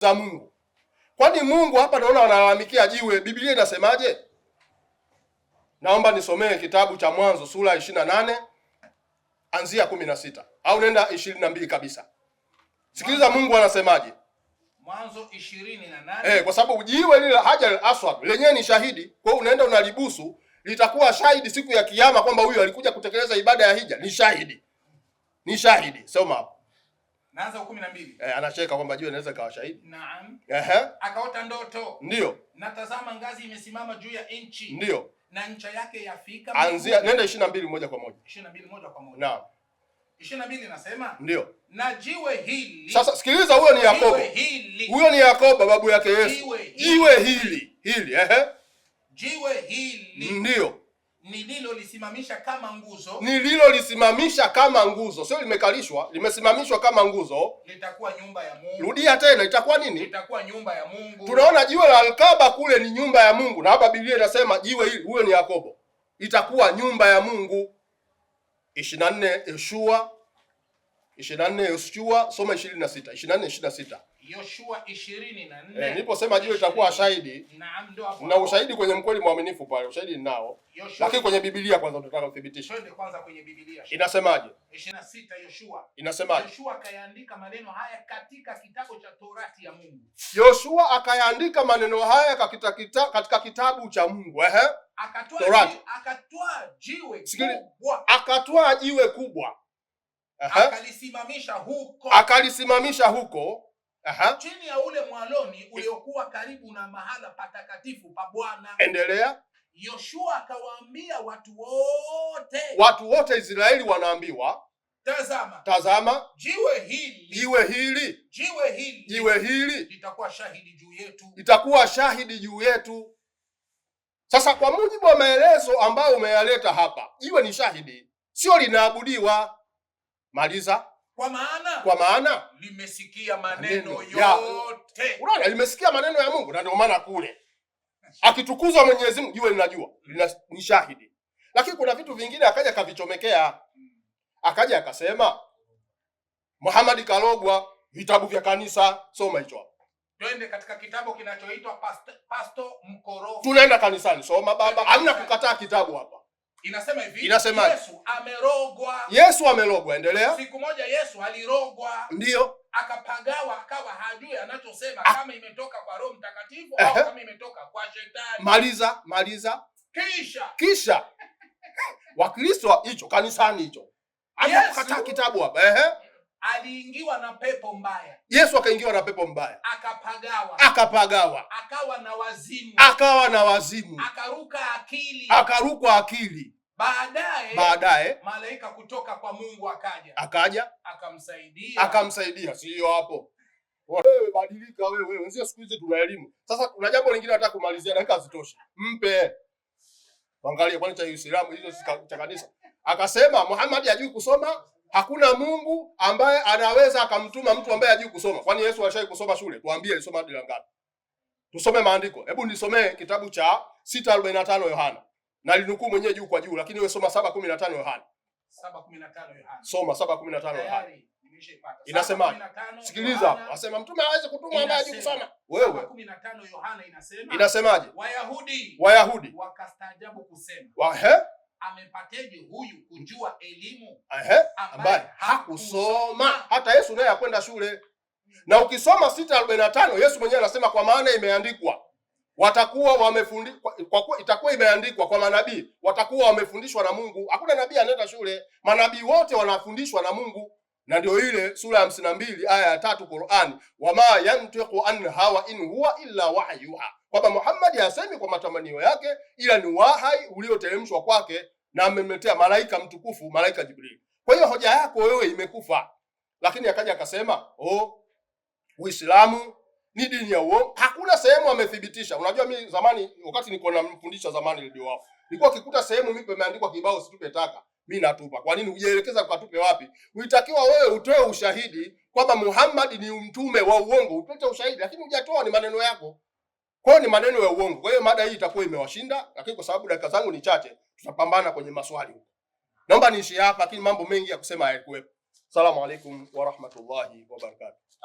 za Mungu. Kwani Mungu hapa naona wanalalamikia jiwe. Biblia inasemaje? Naomba nisomee kitabu cha Mwanzo sura ishirini na nane anzia kumi na sita au nenda ishirini na mbili kabisa. Sikiliza Mungu anasemaje. Mwanzo 28. Eh, kwa sababu jiwe lile la Hajar al-Aswad lenyewe ni shahidi, kwa hiyo unaenda unalibusu, litakuwa shahidi siku ya Kiyama kwamba huyu alikuja kutekeleza ibada ya hija. Ni shahidi, ni shahidi. Soma hapo. Naanza wa 12. Eh, anacheka kwamba jua inaweza kawa shahidi. Naam. Ehe. Akaota ndoto. Ndio. Natazama ngazi imesimama juu ya inchi. Ndio. Na ncha yake yafika. Anzia nenda 22 moja kwa moja. 22 moja kwa moja. Naam. 22 nasema? Ndio. Na jiwe hili. Sasa sikiliza, huyo ni Yakobo. Jiwe hili. Huyo ni Yakobo babu yake Yesu. Jiwe hili. Jiwe hili. Hili, ehe. Jiwe hili. Ndio nililolisimamisha kama nguzo, nililolisimamisha kama nguzo, sio limekalishwa, limesimamishwa kama nguzo, litakuwa nyumba ya Mungu. Rudia tena, itakuwa nini? Litakuwa nyumba ya Mungu. Tunaona jiwe la Alkaba kule ni nyumba ya Mungu, na hapa Biblia inasema jiwe hili, huyo ni Yakobo, itakuwa nyumba ya Mungu. ishirina nne Yoshua ishirina nne Yoshua, soma ishirini na sita ishirina nne ishirina sita Yoshua 24. Eh, niliposema jiwe litakuwa shahidi na ushahidi kwenye mkweli mwaminifu pale ushahidi ninao, lakini kwenye Biblia kwanza tunataka uthibitishe. Twende kwanza kwenye Biblia. Inasemaje? 26 Yoshua. Inasemaje? Yoshua akayaandika maneno haya katika kitabu cha Torati ya Mungu. Yoshua akayaandika maneno haya katika kitabu, katika kitabu cha Mungu. Ehe. Akatwaa akatoa jiwe kubwa. Akatoa jiwe kubwa. Akalisimamisha huko. Akalisimamisha huko Aha. Chini ya ule mwaloni uliokuwa karibu na mahala patakatifu pa Bwana. Endelea. Yoshua akawaambia watu wote, watu wote Israeli wanaambiwa Tazama, tazama jiwe hili, jiwe hili, jiwe hili, jiwe hili litakuwa shahidi juu yetu, itakuwa shahidi juu yetu. Sasa kwa mujibu wa maelezo ambayo umeyaleta hapa, jiwe ni shahidi, sio linaabudiwa. Maliza. Kwa maana, kwa maana limesikia maneno, yote. Unaona, limesikia maneno ya Mungu, na ndio maana kule akitukuzwa Mwenyezi Mungu jiwe linajua ni shahidi, lakini kuna vitu vingine akaja akavichomekea, akaja akasema Muhammad Karogwa, vitabu vya kanisa. Soma hicho hapo, twende katika kitabu kinachoitwa Pasto Mkorofi. Tunaenda kanisani, soma baba, hamna kukataa kitabu hapa. Inasema hivi. Inasema Yesu amerogwa. Yesu amerogwa, endelea. Siku moja Yesu alirogwa. Ndio. Akapagawa akawa hajui anachosema ah. kama imetoka kwa Roho Mtakatifu au kama imetoka kwa shetani. Maliza, maliza. Kisha. Kisha. Wakristo hicho kanisani hicho. Hata kitabu hapa. Ehe aliingiwa na pepo mbaya. Yesu akaingiwa na pepo mbaya, akapagawa, akapagawa, akawa na wazimu, akawa na wazimu, akaruka akili, akarukwa akili. Baadaye baadaye malaika kutoka kwa Mungu akaja, akaja akamsaidia, akamsaidia. Sio hapo wewe, badilika wewe, wenzio siku hizi tuna elimu. Sasa kuna jambo lingine nataka kumalizia, dakika zitoshe, mpe angalia, kwani cha Uislamu hizo cha kanisa. Akasema Muhammad hajui kusoma Hakuna Mungu ambaye anaweza akamtuma mtu ambaye hajui kusoma. Kwani Yesu alishawahi kusoma shule? Tuambie alisoma hadi ngapi? Tusome maandiko. Hebu nisomee kitabu cha 6:45 Yohana. Na linukuu mwenyewe juu kwa juu, lakini wewe soma 7:15 Yohana. 7:15 Yohana. Soma 7:15 Yohana. Inasema, sikiliza, asema mtume hawezi kutuma ambaye hajui kusoma. Wewe. 7:15 Yohana inasema. Inasemaje? Wayahudi. Wayahudi. Wakastaajabu kusema. Wa, he? amepateje huyu kujua elimu ambaye hakusoma? Hata Yesu naye akwenda shule. Na ukisoma sita arobaini na tano Yesu mwenyewe anasema kwa maana imeandikwa watakuwa wamefundishwa kwa itakuwa imeandikwa kwa manabii watakuwa wamefundishwa na Mungu. Hakuna nabii anaenda shule, manabii wote wanafundishwa na Mungu na ndio ile sura ya hamsini na mbili aya ya tatu Qurani, wama yantiqu an hawa in huwa illa wahyuha, kwamba Muhammad hasemi kwa matamanio yake, ila ni wahai ulioteremshwa kwake na amemletea malaika mtukufu, malaika Jibril. Kwa hiyo hoja yako wewe imekufa. Lakini akaja akasema oh, Uislamu ni dini ya uongo. Hakuna sehemu amethibitisha. Unajua mimi zamani, wakati niko namfundisha zamani, nilikuwa kikuta sehemu mimi pameandikwa kibao situpe taka mi natupa. Kwa nini hujaelekeza katupe wapi? Ulitakiwa wewe utoe ushahidi kwamba Muhammad ni mtume wa uongo, utote ushahidi, lakini hujatoa. Ni maneno yako, kwa hiyo ni maneno ya uongo. Kwa hiyo mada hii itakuwa imewashinda, lakini kwa sababu dakika zangu ni chache, tutapambana kwenye maswali. Naomba niishie hapa, lakini mambo mengi ya kusema hayakuwepo. Asalamu alaykum wa rahmatullahi wa barakatuh.